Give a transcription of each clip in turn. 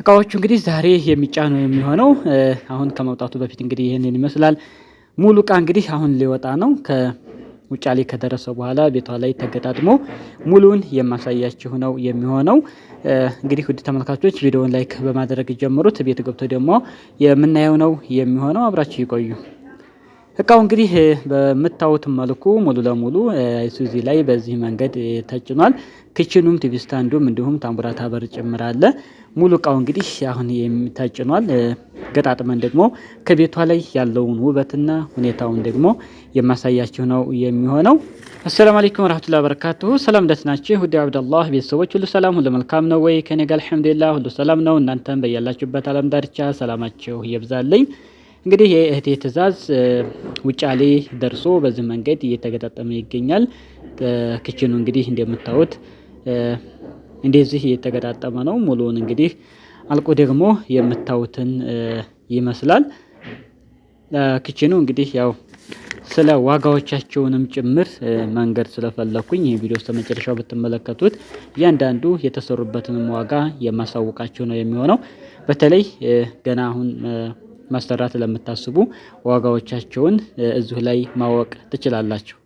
እቃዎቹ እንግዲህ ዛሬ የሚጫነው የሚሆነው አሁን ከመውጣቱ በፊት እንግዲህ ይህንን ይመስላል። ሙሉ እቃ እንግዲህ አሁን ሊወጣ ነው። ከውጫሌ ከደረሰ በኋላ ቤቷ ላይ ተገጣጥሞ ሙሉን የማሳያችሁ ነው የሚሆነው። እንግዲህ ውድ ተመልካቾች ቪዲዮውን ላይክ በማድረግ ጀምሩት። ቤት ገብቶ ደግሞ የምናየው ነው የሚሆነው። አብራችሁ ይቆዩ። እቃው እንግዲህ በምታዩት መልኩ ሙሉ ለሙሉ አይሱዚ ላይ በዚህ መንገድ ተጭኗል። ክችኑም ቲቪ ስታንዱም እንዲሁም ታምቡራታ በር ጭምር አለ። ሙሉ እቃው እንግዲህ አሁን ተጭኗል። ገጣጥመን ደግሞ ከቤቷ ላይ ያለውን ውበትና ሁኔታውን ደግሞ የማሳያችሁ ነው የሚሆነው። አሰላሙ አለይኩም ወራህመቱላሂ ወበረካቱሁ። ሰላም ደህና ናችሁ? ውድ አብደላህ ቤተሰቦች ሁሉ ሰላም ሁሉ መልካም ነው ወይ? ከኔ ጋር አልሐምዱሊላህ ሁሉ ሰላም ነው። እናንተም በያላችሁበት አለም ዳርቻ ሰላማችሁ ይብዛልኝ። እንግዲህ የእህቴ ትዕዛዝ ውጫሌ ደርሶ በዚህ መንገድ እየተገጣጠመ ይገኛል። ክችኑ እንግዲህ እንደምታዩት እንደዚህ እየተገጣጠመ ነው። ሙሉውን እንግዲህ አልቆ ደግሞ የምታዩትን ይመስላል። ክችኑ እንግዲህ ያው ስለ ዋጋዎቻቸውንም ጭምር መንገድ ስለፈለኩኝ ይህ ቪዲዮ እስከ መጨረሻው ብትመለከቱት እያንዳንዱ የተሰሩበትንም ዋጋ የማሳውቃቸው ነው የሚሆነው። በተለይ ገና አሁን ማሰራት ለምታስቡ ዋጋዎቻቸውን እዚሁ ላይ ማወቅ ትችላላችሁ።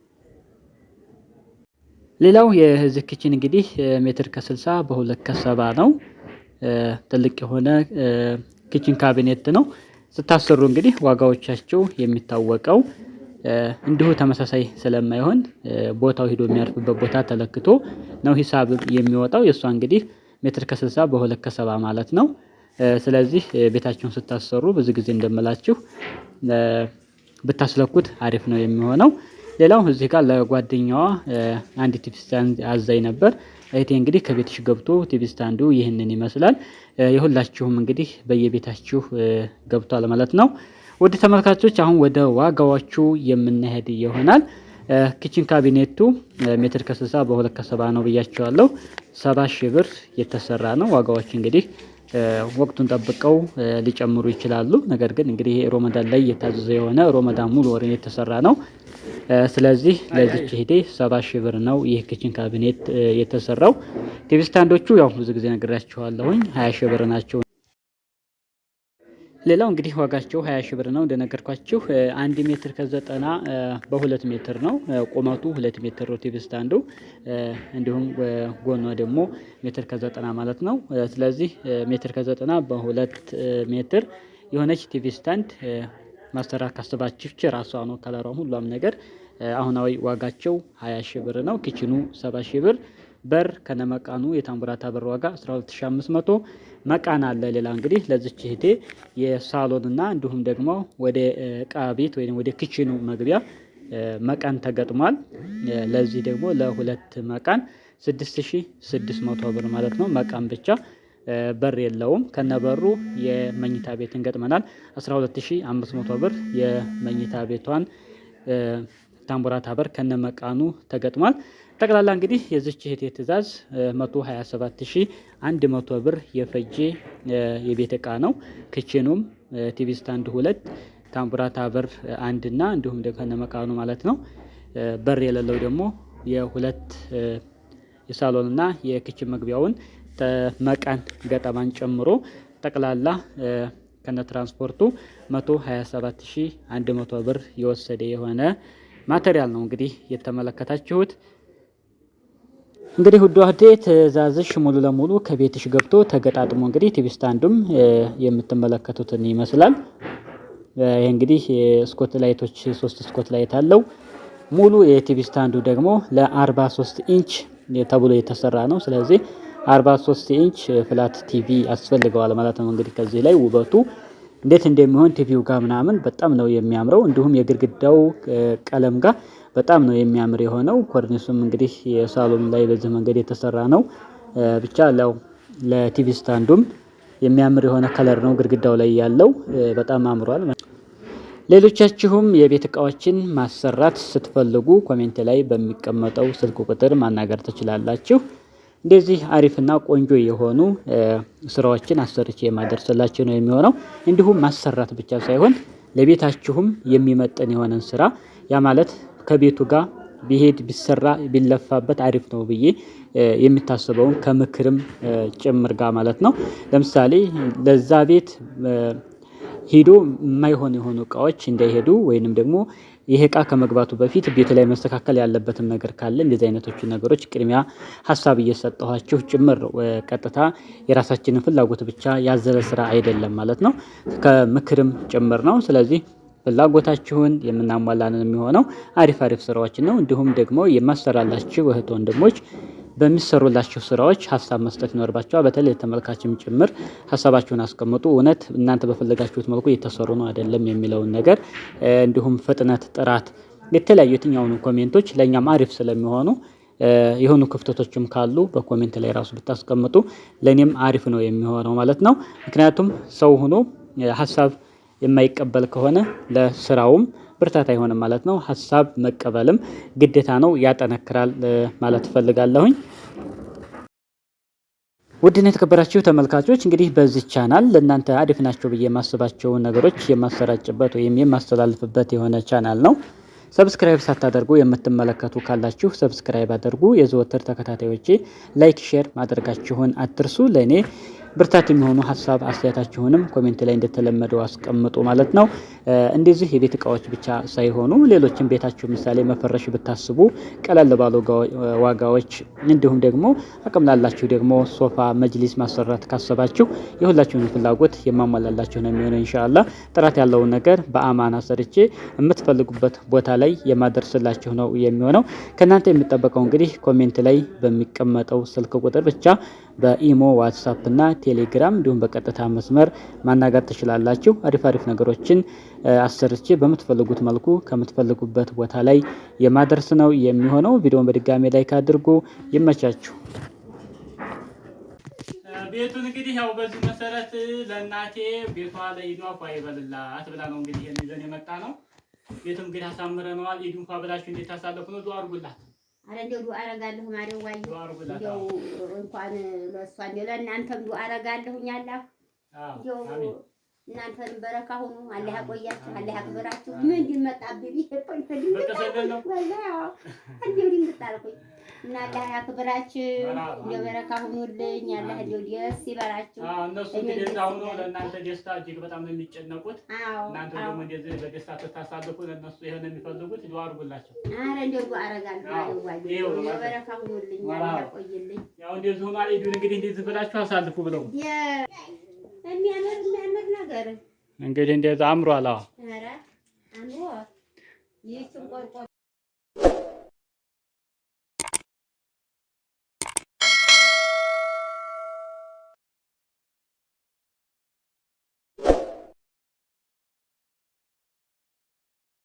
ሌላው የዚህ ኪችን እንግዲህ ሜትር ከስልሳ በሁለት ከሰባ ነው። ትልቅ የሆነ ኪችን ካቢኔት ነው። ስታሰሩ እንግዲህ ዋጋዎቻቸው የሚታወቀው እንዲሁ ተመሳሳይ ስለማይሆን ቦታው ሂዶ የሚያርፍበት ቦታ ተለክቶ ነው ሂሳብ የሚወጣው። የእሷ እንግዲህ ሜትር ከስልሳ በሁለት ከሰባ ማለት ነው። ስለዚህ ቤታችሁን ስታሰሩ ብዙ ጊዜ እንደምላችሁ ብታስለኩት አሪፍ ነው የሚሆነው። ሌላው እዚህ ጋር ለጓደኛዋ አንድ ቲቪ ስታንድ አዛኝ ነበር። እህቴ እንግዲህ ከቤትሽ ገብቶ ቲቪ ስታንዱ ይህንን ይመስላል። የሁላችሁም እንግዲህ በየቤታችሁ ገብቷል ማለት ነው። ውድ ተመልካቾች አሁን ወደ ዋጋዎቹ የምንሄድ ይሆናል። ኪችን ካቢኔቱ ሜትር ከስልሳ በሁለት ከሰባ ነው ብያቸዋለሁ። ሰባ ሺህ ብር የተሰራ ነው። ዋጋዎች እንግዲህ ወቅቱን ጠብቀው ሊጨምሩ ይችላሉ። ነገር ግን እንግዲህ ይሄ ሮመዳን ላይ የታዘዘ የሆነ ሮመዳን ሙሉ ወርን የተሰራ ነው። ስለዚህ ለዚች ሂዴ ሰባ ሺህ ብር ነው ይህ ክችን ካቢኔት የተሰራው። ቲቪ ስታንዶቹ ያው ብዙ ጊዜ ነግራችኋለሁኝ ሀያ ሺህ ብር ናቸው። ሌላው እንግዲህ ዋጋቸው 20 ሺህ ብር ነው። እንደነገርኳችሁ አንድ ሜትር ከዘጠና በሁለት ሜትር ነው ቁመቱ ሁለት ሜትር ሮቲቭ ስታንዱ፣ እንዲሁም ጎኗ ደግሞ ሜትር ከዘጠና ማለት ነው። ስለዚህ ሜትር ከዘጠና በሁለት ሜትር የሆነች ቲቪ ስታንድ ማሰራት ካሰባችሁ ራሷ ነው ከለሯም ሁሉም ነገር አሁናዊ ዋጋቸው 20 ሺህ ብር ነው። ኪችኑ 70 ሺህ ብር በር ከነመቃኑ የታምራት በር ዋጋ 12500 መቃን አለ። ሌላ እንግዲህ ለዚች እህቴ የሳሎንና እንዲሁም ደግሞ ወደ እቃ ቤት ወይም ወደ ክችኑ መግቢያ መቃን ተገጥሟል። ለዚህ ደግሞ ለሁለት መቃን 6600 ብር ማለት ነው። መቃን ብቻ በር የለውም። ከነበሩ የመኝታ ቤትን ገጥመናል። 12500 ብር የመኝታ ቤቷን ታምቡራታ በር ከነመቃኑ ተገጥሟል። ጠቅላላ እንግዲህ የዚች እህቴ ትእዛዝ 127100 ብር የፈጀ የቤት ዕቃ ነው። ክችኑም ቲቪ ስታንድ ሁለት፣ ታምቡራታ በር አንድና እንዲሁም ከነመቃኑ ማለት ነው። በር የሌለው ደግሞ የሁለት የሳሎንና የክችን መግቢያውን መቃን ገጠማን ጨምሮ ጠቅላላ ከነ ትራንስፖርቱ 127100 ብር የወሰደ የሆነ ማቴሪያል ነው እንግዲህ የተመለከታችሁት። እንግዲህ ውድ እህቴ ትእዛዝሽ ሙሉ ለሙሉ ከቤትሽ ገብቶ ተገጣጥሞ እንግዲህ ቲቪ ስታንዱም የምትመለከቱትን ይመስላል። ይህ እንግዲህ ስኮት ላይቶች ሶስት ስኮት ላይት አለው። ሙሉ የቲቪ ስታንዱ ደግሞ ለ43 ኢንች ተብሎ የተሰራ ነው። ስለዚህ 43 ኢንች ፍላት ቲቪ አስፈልገዋል ማለት ነው። እንግዲህ ከዚህ ላይ ውበቱ እንዴት እንደሚሆን ቲቪው ጋር ምናምን በጣም ነው የሚያምረው። እንዲሁም የግድግዳው ቀለም ጋር በጣም ነው የሚያምር የሆነው። ኮርኒሱም እንግዲህ የሳሎን ላይ በዚህ መንገድ የተሰራ ነው። ብቻ ለው ለቲቪ ስታንዱም የሚያምር የሆነ ከለር ነው ግድግዳው ላይ ያለው በጣም አምሯል። ሌሎቻችሁም የቤት እቃዎችን ማሰራት ስትፈልጉ ኮሜንት ላይ በሚቀመጠው ስልክ ቁጥር ማናገር ትችላላችሁ። እንደዚህ አሪፍና ቆንጆ የሆኑ ስራዎችን አሰርቼ የማደርስላችሁ ነው የሚሆነው። እንዲሁም ማሰራት ብቻ ሳይሆን ለቤታችሁም የሚመጥን የሆነን ስራ ያ ማለት ከቤቱ ጋር ቢሄድ ቢሰራ ቢለፋበት አሪፍ ነው ብዬ የሚታስበውን ከምክርም ጭምር ጋር ማለት ነው። ለምሳሌ ለዛ ቤት ሄዶ የማይሆን የሆኑ እቃዎች እንዳይሄዱ ወይንም ደግሞ ይሄ እቃ ከመግባቱ በፊት ቤት ላይ መስተካከል ያለበትም ነገር ካለ እንደዚህ አይነቶቹ ነገሮች ቅድሚያ ሀሳብ እየሰጠኋችሁ ጭምር ቀጥታ የራሳችንን ፍላጎት ብቻ ያዘለ ስራ አይደለም ማለት ነው። ከምክርም ጭምር ነው። ስለዚህ ፍላጎታችሁን የምናሟላንን የሚሆነው አሪፍ አሪፍ ስራዎችን ነው። እንዲሁም ደግሞ የማሰራላችሁ እህት ወንድሞች በሚሰሩላችሁ ስራዎች ሀሳብ መስጠት ይኖርባቸዋል። በተለይ ተመልካችም ጭምር ሀሳባችሁን አስቀምጡ። እውነት እናንተ በፈለጋችሁት መልኩ እየተሰሩ ነው አይደለም የሚለውን ነገር እንዲሁም ፍጥነት፣ ጥራት፣ የተለያዩ የትኛውን ኮሜንቶች ለእኛም አሪፍ ስለሚሆኑ የሆኑ ክፍተቶችም ካሉ በኮሜንት ላይ ራሱ ብታስቀምጡ ለእኔም አሪፍ ነው የሚሆነው ማለት ነው። ምክንያቱም ሰው ሆኖ ሀሳብ የማይቀበል ከሆነ ለስራውም ብርታት አይሆንም ማለት ነው። ሀሳብ መቀበልም ግዴታ ነው ያጠነክራል ማለት እፈልጋለሁኝ። ውድና የተከበራችሁ ተመልካቾች እንግዲህ በዚህ ቻናል ለእናንተ አሪፍ ናቸው ብዬ የማስባቸውን ነገሮች የማሰራጭበት ወይም የማስተላልፍበት የሆነ ቻናል ነው። ሰብስክራይብ ሳታደርጉ የምትመለከቱ ካላችሁ ሰብስክራይብ አድርጉ። የዘወትር ተከታታዮቼ ላይክ፣ ሼር ማድረጋችሁን አትርሱ። ለእኔ ብርታት የሚሆኑ ሀሳብ አስተያየታችሁንም ኮሜንት ላይ እንደተለመደው አስቀምጡ ማለት ነው። እንደዚህ የቤት እቃዎች ብቻ ሳይሆኑ ሌሎችም ቤታችሁ ምሳሌ መፈረሽ ብታስቡ ቀለል ባሉ ዋጋዎች እንዲሁም ደግሞ አቅም ላላችሁ ደግሞ ሶፋ፣ መጅሊስ ማሰራት ካሰባችሁ የሁላችሁን ፍላጎት የማሟላላችሁ ነው የሚሆነው እንሻላ ጥራት ያለውን ነገር በአማና ሰርቼ የምትፈልጉበት ቦታ ላይ የማደርስላችሁ ነው የሚሆነው። ከእናንተ የሚጠበቀው እንግዲህ ኮሜንት ላይ በሚቀመጠው ስልክ ቁጥር ብቻ በኢሞ ዋትሳፕ እና ቴሌግራም እንዲሁም በቀጥታ መስመር ማናገር ትችላላችሁ። አሪፍ አሪፍ ነገሮችን አሰርቼ በምትፈልጉት መልኩ ከምትፈልጉበት ቦታ ላይ የማደርስ ነው የሚሆነው። ቪዲዮን በድጋሜ ላይ ካድርጉ ይመቻችሁ። ቤቱን እንግዲህ ያው በዚህ መሰረት ለእናቴ ቤቷ ለኢዷ ፏ ይበልላት ብላ ነው እንግዲህ ይዘን የመጣ ነው። ቤቱም እንግዲህ አሳምረነዋል። ኢዱን ፏ ብላችሁ እንዴት ታሳለፉ ነው ዱ አድርጉላት አረ እንደው ዱአ አረጋለሁ ማደዋዬ እንደው እንኳን ለእሷ እንደው ለእናንተም ዱአ አረጋለሁኝ አላህ እንደው እናንተንም በረካ ሁኑ። አላህ ያቆያችሁ፣ አላህ ያክብራችሁ። ምን እንዲመጣብኝ ይሄ ቆይ ፈልግ ወላ እንዲሁ ድንግጥ እና አላህ ያክብራችሁ፣ የበረካ ሁኑልኝ። አላህ እንደው ደስ ይበላችሁ። እነሱ እንግዲህ እንዳሁኑ ለእናንተ ደስታ እጅግ በጣም ነው የሚጨነቁት። እናንተ ደግሞ እንደዚህ በደስታ ስታሳልፉ ለእነሱ ይሄን የሚፈልጉት ዱዓ አድርጉላቸው። ኧረ እንደው ዱዓ አደርጋለሁ። የበረካ ሁኑልኝ፣ ያቆይልኝ። ያው እንደዚህ ሆኖ አልሄዱን እንግዲህ እንደዚህ ብላችሁ አሳልፉ ብለው የሚያምር የሚያምር ነገር እንግዲህ እንደዛ አምሯል። አዎ ኧረ ይህችን ቆርቆ